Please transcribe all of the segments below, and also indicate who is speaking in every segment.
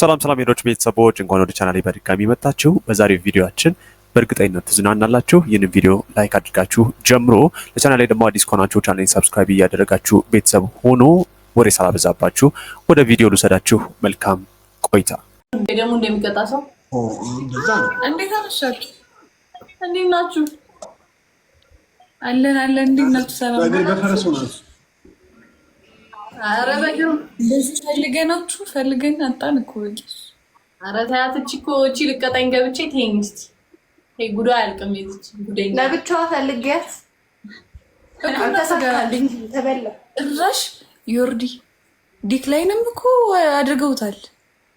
Speaker 1: ሰላም ሰላም ሄዶች ቤተሰቦች እንኳን ወደ ቻናሌ በድጋሚ መጣችሁ። በዛሬው ቪዲዮችን በእርግጠኝነት ትዝናናላችሁ። ይህንን ቪዲዮ ላይክ አድርጋችሁ ጀምሮ ለቻናሌ ደግሞ አዲስ ከሆናችሁ ቻናሌን ሰብስክራይብ እያደረጋችሁ ቤተሰብ ሆኖ ወሬ ሳላበዛባችሁ ወደ ቪዲዮ ልውሰዳችሁ። መልካም ቆይታ።
Speaker 2: ደግሞ እንደሚቀጣ ሰው እንዴት አመሻችሁ? እንዴት ናችሁ? አለን አለን። እንዴት ናችሁ?
Speaker 3: ሰላም
Speaker 2: ፈልገናችሁ ፈልገን አጣን እኮ እኮ እቺ ገብቼ አያልቅም። የትች ጉደኛ ለብቻዋ ዮርዲ ዲክላይንም እኮ አድርገውታል።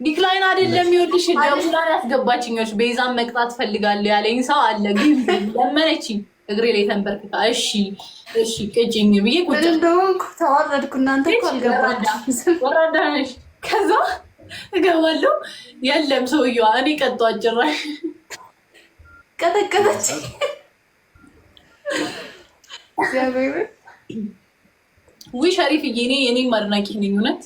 Speaker 2: ዲክላይን አይደለም ይኸውልሽ፣ ደውላ ያስገባችኞች ቤዛን መቅጣት ፈልጋለሁ ያለኝ ሰው አለ ግን ለመነችኝ እግሬ ላይ ተንበርክካ እሺ እሺ ቅጭኝ ብዬ ቁጭ ተዋረድኩ። እናንተ እኮ ወራዳ ነሽ። ከዛ እገባለሁ የለም ሰውየዋ እኔ ቀጧ ጭራሽ ቀጠቀጠች። ውይ ሸሪፍዬ፣ እኔ የኔም አድናቂ ነኝ እውነት።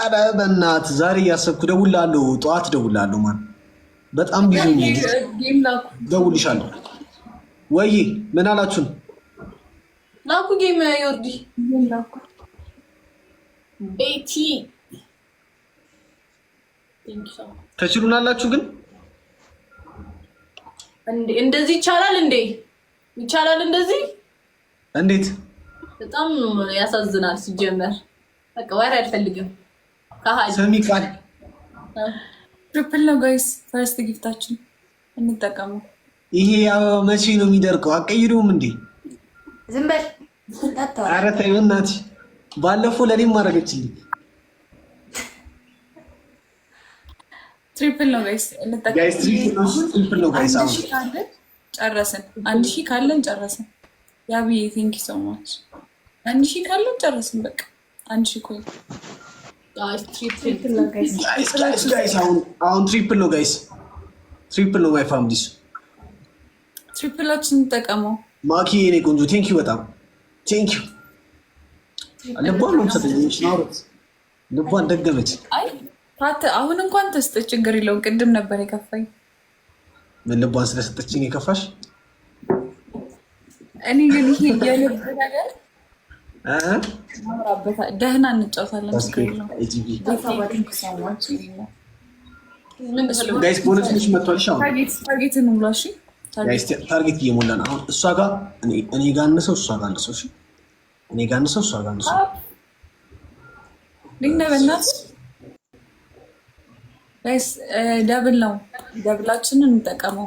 Speaker 3: ኧረ በእናትህ ዛሬ እያሰብኩ እደውልልሃለሁ፣ ጠዋት እደውልልሃለሁ። ማን በጣም ብዙ ደውልሻለሁ ወይ ምን አላችሁን?
Speaker 2: ላኩ ጌም ዮርዲ ቤቲ
Speaker 3: ተችሉን አላችሁ ግን
Speaker 2: እንደዚህ ይቻላል እንዴ? ይቻላል እንደዚህ እንዴት? በጣም ያሳዝናል። ሲጀመር በቃ ወሬ አልፈልግም። ሰሚ ቃል ትሪፕል ነው ጋይስ። ፈርስት ጊፍታችን እንጠቀመው።
Speaker 3: ይሄ አበባ መቼ ነው የሚደርቀው? አቀይሩም እንዴ?
Speaker 2: ዝም በል ኧረ
Speaker 3: ተይው እናትሽ። ባለፈው ለእኔም ማድረገችልኝ
Speaker 2: ትሪፕል ነው ጋይስ፣
Speaker 3: ትሪፕል ነው ጋይስ።
Speaker 2: ካለን ጨረስን። አንድ ሺህ ካለን ጨረስን። ያብዬ ዩ ሶ ማች። አንድ ሺህ ካለን ጨረስን። በቃ አንድ ሺህ ጋይስ፣
Speaker 3: አሁን ትሪፕል ነው ጋይስ፣ ትሪፕል ነው ማይ ፋሚሊስ
Speaker 2: ትሪፕላችን እንጠቀመው።
Speaker 3: ማኪ የኔ ቆንጆ ቴንኪው፣ በጣም ቴንኪው። ልቧን ልቧን ደገመች።
Speaker 2: አሁን እንኳን ተስጠ ችግር የለውም። ቅድም ነበር የከፋኝ።
Speaker 3: ምን ልቧን ስለሰጠችኝ የከፋሽ?
Speaker 2: እኔ ግን ይሄ የልብ ነገር ደህና እንጫወታለን።
Speaker 3: ጋይስ ቦነስ መጥቷል።
Speaker 2: ታርጌት እንሙላ። እሺ
Speaker 3: ታርጌት እየሞላ ነው። አሁን እሷ ጋር እኔ ጋር አንሰው እሷ ጋር እሺ እኔ ጋር አንሰው እሷ ጋር አንሰው።
Speaker 2: ደብል ነው፣ ደብላችንን እንጠቀመው።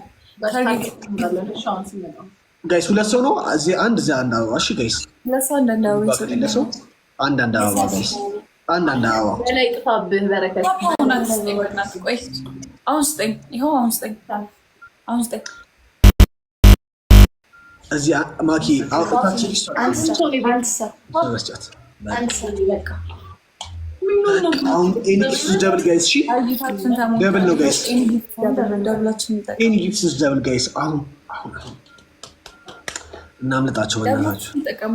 Speaker 3: ጋይስ ሁለት ሰው ነው። እዚህ አንድ እዚህ አንድ አበባ። እሺ ጋይስ ሁለት ሰው አንድ አንድ አንድ አንድ አበባ ጋይስ አንድ አንድ አበባ
Speaker 2: በላይ ጥፋብህ። በረከት አሁን ስጠኝ፣ ይኸው አሁን ስጠኝ፣ አሁን ስጠኝ
Speaker 3: እዚህ ማኪ እናምልጣቸው በእናታችሁ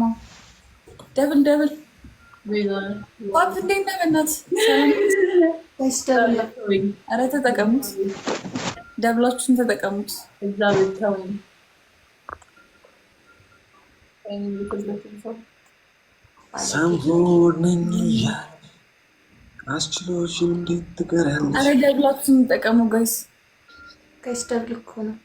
Speaker 2: ኧረ ተጠቀሙት፣ ደብላችሁን ተጠቀሙት።
Speaker 3: ሰንፎር አስችሎሽ እንዴት ትቀሪያለሽ?
Speaker 2: አረ ደግላችሁ የምጠቀሙ ጋይስ ጋይስ ደብል እኮ ነው።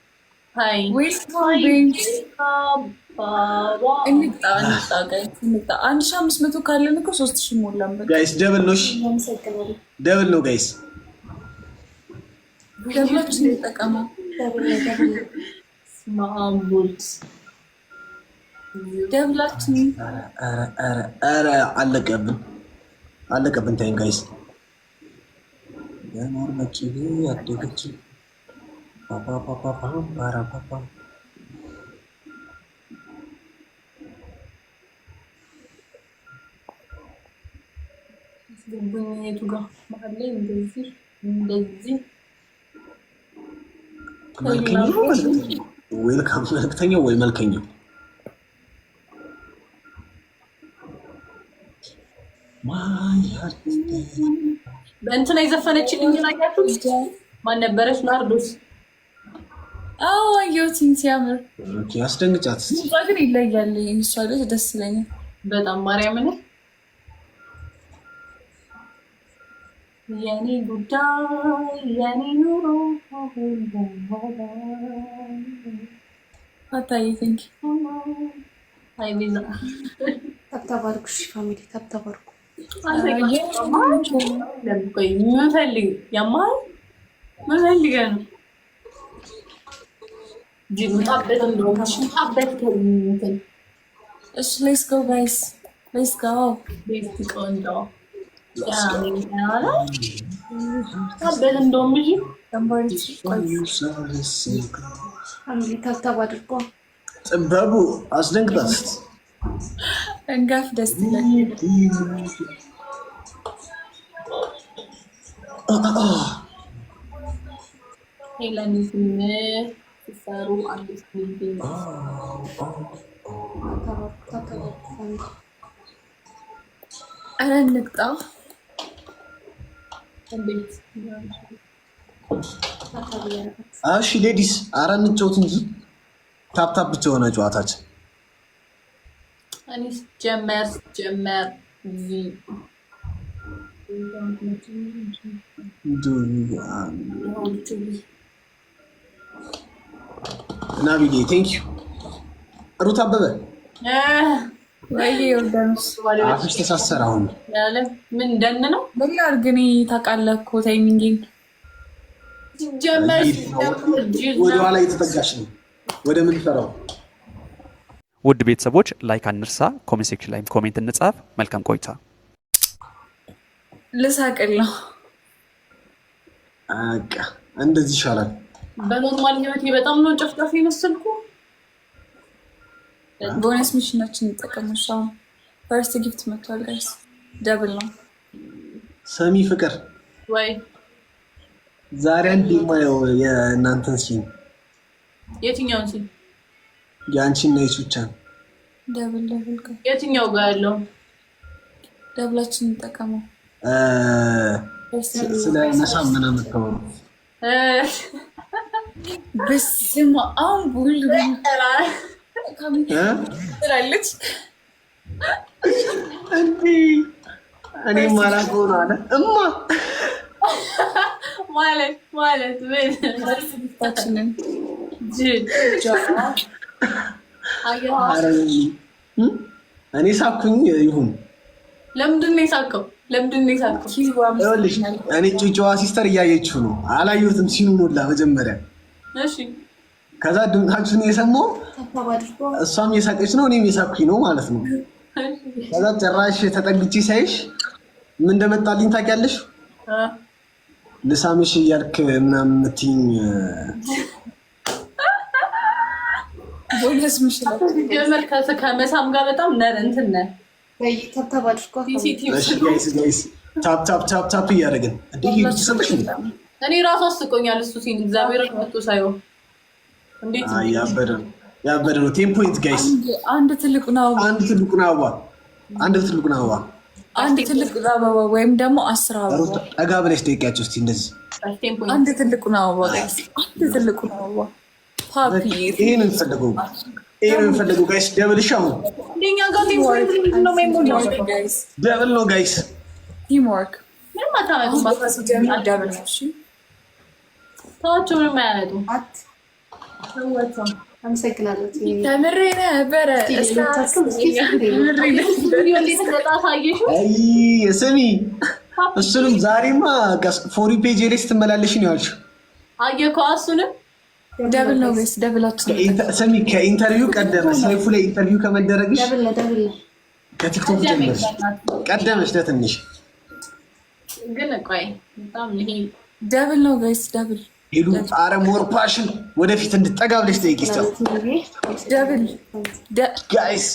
Speaker 2: አንድ ሺህ አምስት መቶ ካለን እኮ ሶስት ሺህ ሞላን።
Speaker 3: ጋይስ ደብል ነው፣ ደብል ነው ጋይስ
Speaker 2: ደግላችሁ የምጠቀመው ደብላችን
Speaker 3: ኧረ አለቀብን አለቀብን። ታይም ጋይስ ለኖር መቼ ያደገች ፓፓፓፓፓፓራፓፓ
Speaker 2: ቡኝቱ ጋር መሀል ላይ እንደዚህ እንደዚህ
Speaker 3: ወይ መልከኛው
Speaker 2: እንትና የዘፈነችልኝ ላያችሁት ማን ነበረች? ናርዶስ አዎ፣ አየሁትኝ ሲያምር አስደንግጫት። ግን ይለያል እሷ ልጅ ደስ ይለኛል በጣም ማርያምን የኔ ጉዳይ የኔ ኑሮ አታይ ቲንክ አይ ቤዛ ተብተባርኩሽ ፋሚሊ ተብተባርኩ ምፈልግ ያማል ምፈልገ አስደንግጣት እንጋፍ ደስ ይላል። ሄለኒዝም ሲሰሩ አዲስ አረ እንቅጣ
Speaker 3: እሺ ሌዲስ አረ እንጫወት እንጂ ታፕታፕ ብቻ የሆነ ጨዋታችን
Speaker 2: እኔ ጀመር ጀመር
Speaker 3: ናቢዬ ቴንክ ዩ ሩት አበበ አፍሽ ተሳሰረ። አሁን
Speaker 2: ምን ደን ነው ምን ላድርግ እኔ ታውቃለህ እኮ ታይሚንጌን
Speaker 3: ወደኋላ እየተጠጋሽ ነው ወደ ምን ፈራው
Speaker 1: ውድ ቤተሰቦች ላይክ አንርሳ፣ ኮሜንት ሴክሽን ላይ ኮሜንት እንጻፍ። መልካም ቆይታ።
Speaker 2: ልሳቅል ነው
Speaker 3: እንደዚህ ይሻላል።
Speaker 2: በኖርማል በጣም ነው ጨፍጫፊ የመሰልኩ። ቦነስ ሚሽናችን እንጠቀምሽ። ፈርስት ጊፍት መቷል ጋይስ፣ ደብል ነው ሰሚ ፍቅር ወይ
Speaker 3: ዛሬ አንድ የማየው የእናንተን ሲን የትኛውን ሲን ጃንቺን ነይ ሱቻን
Speaker 2: ደብል ደብል የትኛው ጋር ያለው ደብላችን እንጠቀመው
Speaker 3: ስለ ነሳ ምን የምታወሩ
Speaker 2: በስመ አብ ወልድ ትላለች።
Speaker 3: እንዲህ እኔ ማላት ሆነ አለ እማ
Speaker 2: ማለት ማለት ምን
Speaker 3: እኔ ሳኩኝ ይሁን።
Speaker 2: ለምንድን ነው የሳቀው? ለምንድን ነው የሳቀው?
Speaker 3: እኔ ጭጨዋ ሲስተር እያየችው ነው። አላየሁትም ሲኑን ሁላ መጀመሪያ። ከዛ ድምጣችሁን የሰማው እሷም የሳቀች ነው፣ እኔም የሳኩኝ ነው ማለት ነው። ከዛ ጭራሽ ተጠግቼ ሳይሽ ምን እንደመጣልኝ ታውቂያለሽ? ልሳምሽ እያልክ ምናምን የምትይኝ
Speaker 2: ጀመር ከመሳም ጋር በጣም ነን እንትን ነን
Speaker 3: ታፕታፕታፕታፕ እያደረግን
Speaker 2: እኔ ራሱ አስቆኛል። እሱ ሲል እግዚአብሔር መቶ ሳይሆን
Speaker 3: እንዴት ያበደ ነው። ቴን ፖይንት ጋይስ፣
Speaker 2: አንድ ትልቁን አበባ
Speaker 3: አንድ ትልቁን አበባ አንድ ትልቁን አበባ
Speaker 2: አንድ ትልቁን አበባ ወይም ደግሞ አስር
Speaker 3: አበባ ጠጋ ብለሽ ደቂያቸው ስ እንደዚህ
Speaker 2: አንድ ትልቁን አበባ አንድ ትልቁን አበባ
Speaker 3: ይሄን እንፈልገው ይሄን እንፈልገው ጋይስ፣ ደብል ደብል ነው ጋይስ። ስሚ። እሱንም ዛሬማ ፎሪ ፔጅ ሬስ ስትመላለሽ ነው ያልሽው።
Speaker 2: አየህ እሱንም ደብል ነው ወይስ ደብላችሁ?
Speaker 3: ሰሚ ከኢንተርቪው ቀደመ ሰይፉ ላይ ኢንተርቪው ከመደረግሽ ከቲክቶክ ጀመርሽ ቀደመሽ ለትንሽ
Speaker 2: ግን ቆይ ደብል ነው ወይስ ደብል ሄዱ
Speaker 3: አረ ሞር ፓሽን ወደፊት እንድጠጋ ብለሽ ጠይቂ። ስተ
Speaker 2: ደብል ጋይስ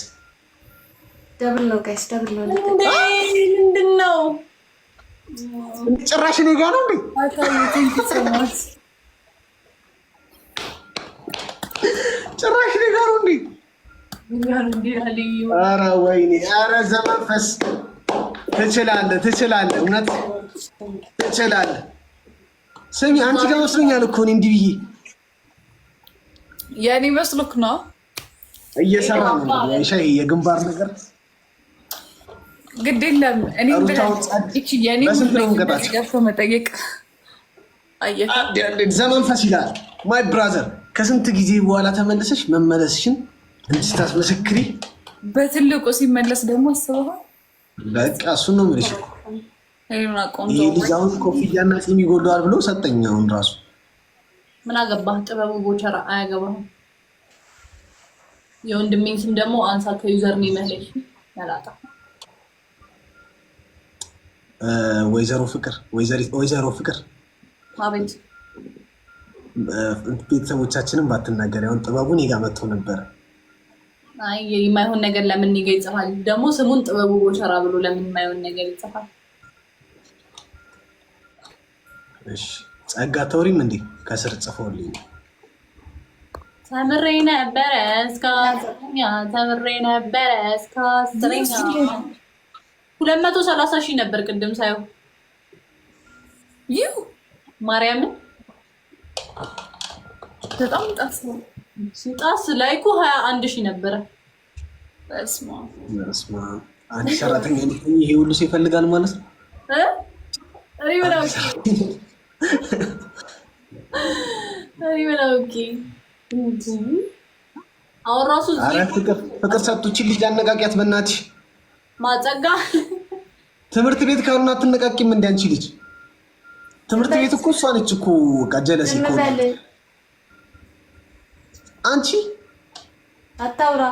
Speaker 2: ደብል ነው ጋይስ ደብል ነው። ምንድን ነው
Speaker 3: ጭራሽ እኔ ጋ ነው
Speaker 2: እንዴ?
Speaker 3: ጭራሽ ሊጋሩ እንዴ! አረ ወይኔ! አረ ዘመንፈስ ትችላለ፣ ትችላለ፣ እውነት ትችላለ። ስሚ፣ አንቺ ጋር መስሎኛል እኮ እኔ እንዲህ ብዬ
Speaker 2: የኔ መስሎክ ነው።
Speaker 3: እየሰራ ነው ሻይ የግንባር ነገር
Speaker 2: ግድ የለም። እኔ የኔ መጠየቅ
Speaker 3: ዘመንፈስ ይላል ማይ ብራዘር ከስንት ጊዜ በኋላ ተመለሰች መመለስሽን እንድታስመሰክሪ
Speaker 2: በትልቁ ሲመለስ ደግሞ አስበሃል።
Speaker 3: በቃ እሱ ነው የምልሽ። ይህ ልጅ አሁን ኮፍያና ጺም ይጎዳዋል ብሎ ሰጠኝ። አሁን ራሱ
Speaker 2: ምን አገባህ ጥበቡ ቦቸራ አያገባህም። የወንድሜን ስም ደግሞ አንሳ ከዩዘር ነው ይመለሽ ያላጣ
Speaker 3: ወይዘሮ ፍቅር ወይዘሮ ፍቅር አቤት ቤተሰቦቻችንም ባትናገር ያሁን ጥበቡን ይጋ መጥቶ ነበር።
Speaker 2: የማይሆን ነገር ለምን እኔ ይጽፋል? ደግሞ ስሙን ጥበቡ ጎሸራ ብሎ ለምን የማይሆን ነገር ይጽፋል?
Speaker 3: ጸጋ ተውሪም እንዴ ከስር ጽፎልኝ
Speaker 2: ተምሬ ነበረ እስከ ተምሬ ነበረ እስከ አስረኛ ሁለት መቶ ሰላሳ ሺህ ነበር ቅድም ሳየው ይሁ ማርያምን በጣም ጣስ ነው። ጣስ ላይኩ ሀያ አንድ ሺህ ነበረ።
Speaker 3: አንድ ሰራተኛ ይሄ ሁሉ ሰው ይፈልጋል ማለት ነው። አሁን ራሱ ፍቅር ልጅ አነቃቂያት በእናትሽ ማጸጋ ትምህርት ቤት ካሉና አትነቃቂም ልጅ ትምህርት ቤት እኮ እሷ ነች እኮ ጀለስ እኮ አንቺ
Speaker 2: አታውራ።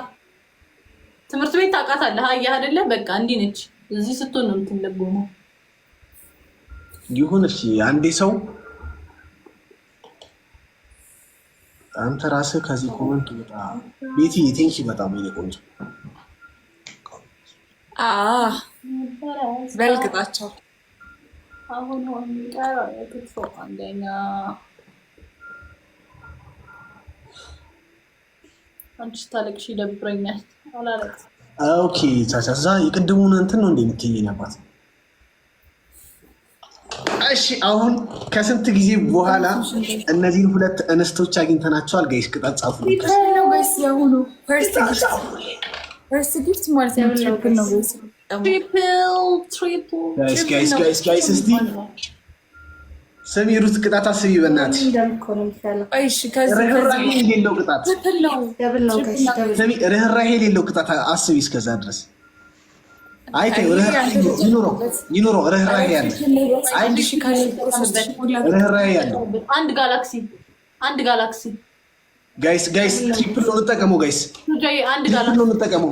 Speaker 2: ትምህርት ቤት ታውቃታለህ፣ አየህ አይደለ? በቃ እንዲህ ነች። እዚህ ስትሆን ነው የምትለጎመው።
Speaker 3: ይሁን እሺ። አንዴ ሰው አንተ ራስህ ከዚህ ኮመንት ወጣ። ቤቲ ቴንኪ በጣም ይኔ ቆንጆ
Speaker 2: በልግጣቸው አሁን አሁን የሚቀረው የክትፎ አንደኛ አንቺ ስታለቅሽ ይደብረኛል። አላለቅስ።
Speaker 3: ኦኬ ቻቻ፣ እዛ የቅድሙን እንትን ነው እንደ የምትይኝ ነባት። እሺ፣ አሁን ከስንት ጊዜ በኋላ እነዚህን ሁለት እንስቶች አግኝተናቸዋል። ጋይስ ቅጣት ጻፉ። ነው
Speaker 2: ጊፍት ማለት ነው ነው
Speaker 3: ስሚ ሩት ቅጣት አስቢ፣ በእናትሽ ርህራሄ የሌለው ቅጣት አስቢ። እስከዛ ድረስ አይተው ይኑረው። ርህራሄ ያለው ርህራሄ ያለው
Speaker 2: አንድ ጋላክሲ
Speaker 3: ጋይስ፣ ጋይስ ትሪፕል ነው እንጠቀመው። ጋይስ
Speaker 2: ትሪፕል ነው እንጠቀመው።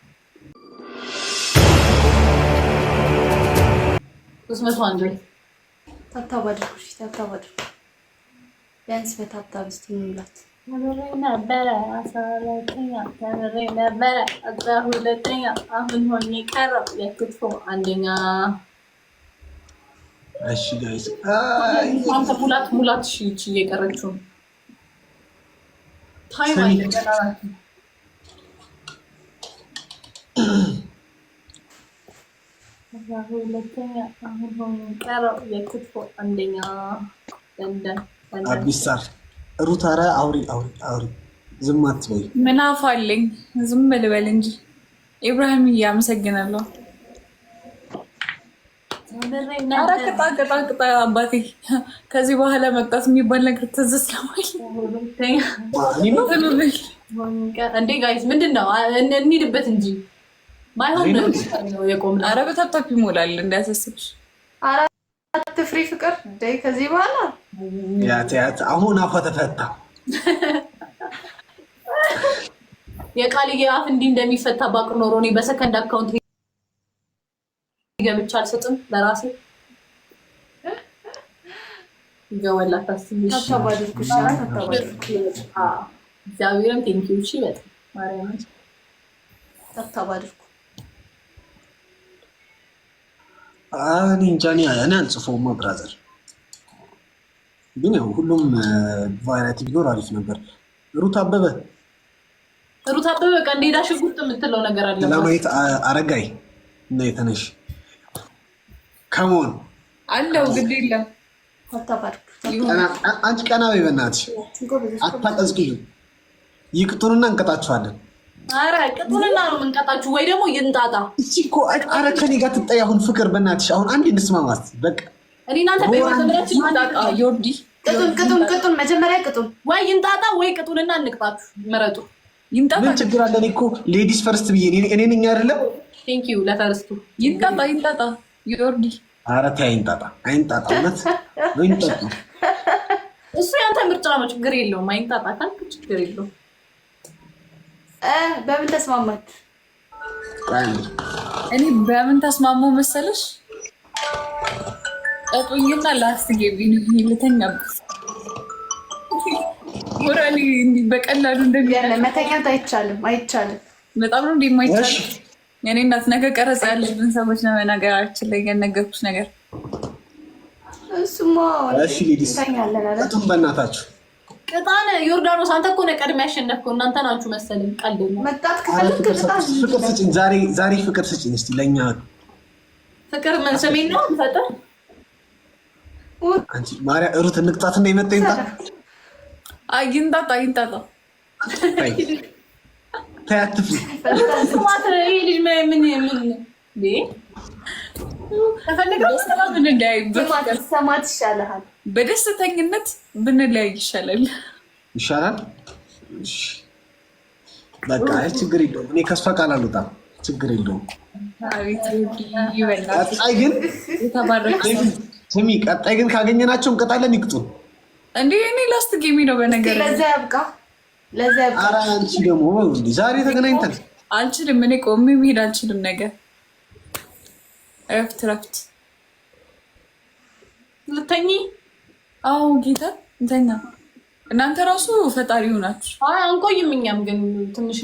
Speaker 2: ሶስት መቶ አንድ ላይ ታብታብ አድርጉ። እሺ ታብታብ አድርጉ። ቢያንስ በታብታብ እስቲ እንውላት። ተምሬ ነበረ አስራ ሁለተኛ ተምሬ ነበረ አስራ ሁለተኛ አሁን ሆኜ ቀረው የክትፎ አንደኛ። እሺ ጋይስ አንተ ሙላት ሙላት እሺ እየቀረችው ታይም አለ ሁለተኛ አሁን ቀረው የክትፎ አንደኛ ገንደን
Speaker 3: አዲስ ሳር አውሪ አውሪ አውሪ፣ ዝም አትበይ።
Speaker 2: ምን አፍ አለኝ ዝም ልበል እንጂ። ኢብራሂም እያመሰግናለሁ። ኧረ ቅጣ ቅጣ ቅጣ አባቴ፣ ከዚህ በኋላ መቅጣት የሚባል ነገር ትዝ ስለማይል እንዴ ጋይስ፣ ምንድን ነው እንሂድበት እንጂ ማይሆን የቆምን አረ በታፕታፕ ይሞላል እንዳያሳስብሽ። አራት ፍሪ ፍቅር ደይ ከዚህ በኋላ
Speaker 3: ያትያት አሁን አፏ ተፈታ።
Speaker 2: የቃልዬ አፍ እንዲህ እንደሚፈታ ባቅ ኖሮ እኔ በሰከንድ አካውንት ገብቻ አልሰጥም ለራሴ ገወላታስብእግዚአብሔርም ቴንኪዎች በጣም ማርያምን ታብታብ
Speaker 3: እኔ እንጃ እኔ ብራዘር፣ ግን ያው ሁሉም ቫራይቲ ቢኖር አሪፍ ነበር። ሩት አበበ
Speaker 2: ሩት አበበ ሽጉጥ የምትለው ነገር አለ
Speaker 3: ለማየት አረጋይ እና የተነሽ ከመሆን
Speaker 2: አለው ግድ የለም
Speaker 3: አንቺ ቀናዊ በናት አታቀዝቅዩ። ይቅጡንና እንቀጣችኋለን።
Speaker 2: አረ ቅጡንና ነው የምንቀጣችሁ፣ ወይ ደግሞ ይንጣጣ። እቺ
Speaker 3: እኮ ከኔ ጋር ትጠይ። አሁን ፍቅር በእናትሽ አሁን አንድ እንስማማት በቃ።
Speaker 2: እኔ እናንተ ይንጣጣ። ዮርዲ ቅጡን ቅጡን ቅጡን፣ መጀመሪያ ቅጡን፣ ወይ ይንጣጣ ወይ ቅጡንና ምረጡ። ይንጣጣ ምን ችግር
Speaker 3: አለ? እኔ እኮ ሌዲስ ፈርስት ብዬ እኔ ነኝ አይደለም።
Speaker 2: ቴንክ ዩ ለፈርስቱ። ይንጣጣ ይንጣጣ፣ ዮርዲ
Speaker 3: ተይ አይንጣጣ አይንጣጣ፣ እውነት ይንጣጣ።
Speaker 2: እሱ ያንተ ምርጫ ነው፣ ችግር የለውም። አይንጣጣ ካልክ ችግር የለውም። በምን ተስማማችሁ? እኔ በምን ተስማሙ መሰለሽ? ላስት እንዲህ በቀላሉ አይቻልም፣ አይቻልም። በጣም ነው የኔ እናት ነገ ያለብን ሰዎች ነው። ነገራችን ላይ ያነገርኩሽ ነገር እሱማ በእናታችሁ ቅጣን ዮርዳኖስ፣ አንተ እኮ ነህ ቀድሜ ያሸነፍከው። እናንተ ናችሁ መሰለኝ። ቀልድ መጣት
Speaker 3: ከፈለግ ፍቅር ስጭኝ፣ ዛሬ ፍቅር ስጭኝ እስኪ ለእኛ
Speaker 2: ፍቅር ምን ስሜን ነው ምሰጠው?
Speaker 3: አንቺ ማርያም ሩት እንቅጣት እና የመጣ ይምጣ።
Speaker 2: አይንጣጣ አይንጣጣ።
Speaker 3: ተይ ይህ
Speaker 2: ልጅ ምን ምን ሰማት ይሻልሃል። በደስተኝነት ብንለያይ ይሻላል
Speaker 3: ይሻላል። በቃ ችግር የለውም። እኔ ከእሷ ቃል አልወጣም። ችግር የለውም። ቀጣይ ግን ስሚ፣ ቀጣይ ግን ካገኘናቸው እንቀጣለን። ይቅጡ
Speaker 2: እንዴ! እኔ ላስት ጌሚ ነው በነገር ለዛ ያብቃ። ኧረ
Speaker 3: አንቺ ደግሞ ዛሬ ተገናኝተን
Speaker 2: አልችልም። እኔ ቆሜ መሄድ አልችልም ነገር እረፍት እረፍት ልተኝ። አዎ ጌታ እንተኛ። እናንተ ራሱ ፈጣሪ ሆናችሁ አንቆይም። እኛም ግን ትንሽ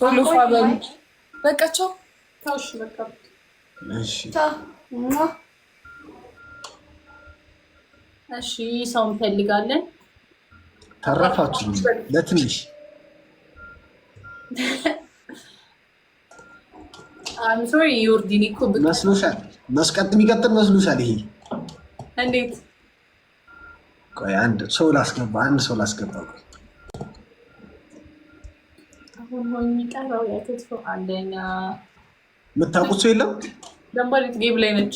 Speaker 2: ቶሎ በሉ። በቃቸው እሺ። ሰው እንፈልጋለን።
Speaker 3: ተረፋችሁ ለትንሽ መስሎሻል፣ መስቀጥ የሚቀጥል መስሎሻል። ይሄ እንዴት? ቆይ አንድ ሰው ላስገባ፣ አንድ ሰው ላስገባ። የምታውቁት ሰው የለም?
Speaker 2: ደንባሪት ጌብ ላይ ነች።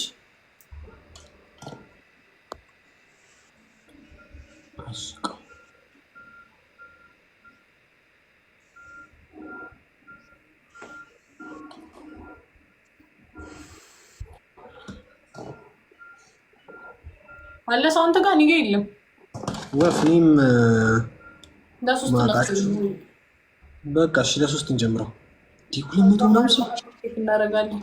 Speaker 2: አለሰ አንተ ጋር ንገ የለም
Speaker 3: ወፍ እኔም በቃ እሺ፣ ለሶስት እንጀምረው። ሁለት መቶ ምናምን ሰው
Speaker 2: እናደርጋለን።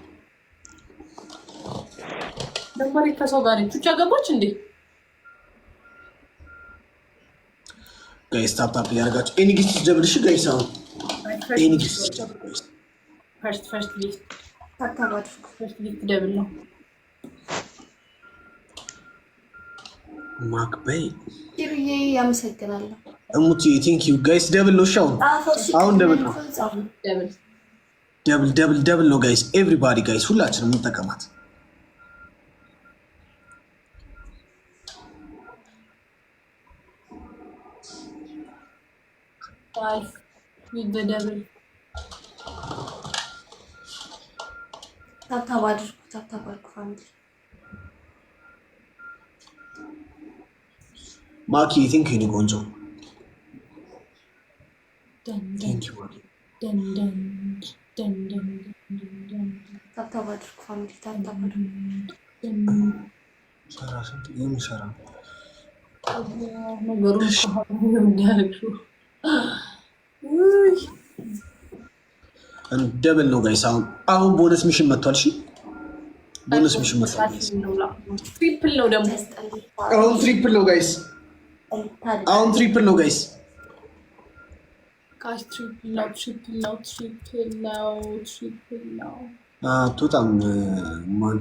Speaker 2: ደማሪ ከሰው ጋር ቹቻ ገባች እንዴ?
Speaker 3: ጋይስ ታፕታፕ እያደረጋችሁ ኤኒ ጊፍት ጀምር። እሺ ጋይስ አሁን
Speaker 2: ፈርስት ፈርስት ጊፍት ታካባት ፈርስት ጊፍት ደብል ነው ማክበይ ኪሩዬ አመሰግናለሁ።
Speaker 3: እሙቲ ቲንክ ዩ ጋይስ ደብል ነው ሻው አሁን ደብል ነው ደብል ደብል ደብል ነው ጋይስ ኤቭሪባዲ ጋይስ ሁላችንም እንጠቀማት።
Speaker 2: ታብታብ አድርጉ ታብታብ አድርጉ ፋሚሊ
Speaker 3: Maki, think you go so. Thank you, Maki. ደብል ነው ጋይስ። አሁን አሁን ቦነስ ሚሽን መጥቷል። እሺ ቦነስ ሚሽን መጥቷል።
Speaker 2: ትሪፕል ነው ደግሞ
Speaker 3: አሁን ትሪፕል ነው ጋይስ አሁን ትሪፕል ነው ጋይስ በጣም ማን